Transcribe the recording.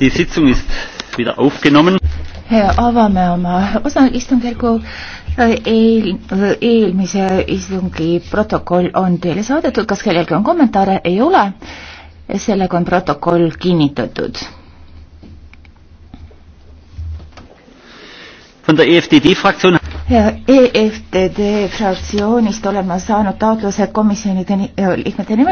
Die Sitzung ist wieder aufgenommen. avame oma osaistungjärgu äh, eel, äh, eelmise istungi protokoll on teile saadetud, kas kellelgi on kommentaare, ei ole. sellega on protokoll kinnitatud. von der EFDD Fraktion EFTD e fraktsioonist olen ma saanud taotluse komisjonide äh, liikmete nimel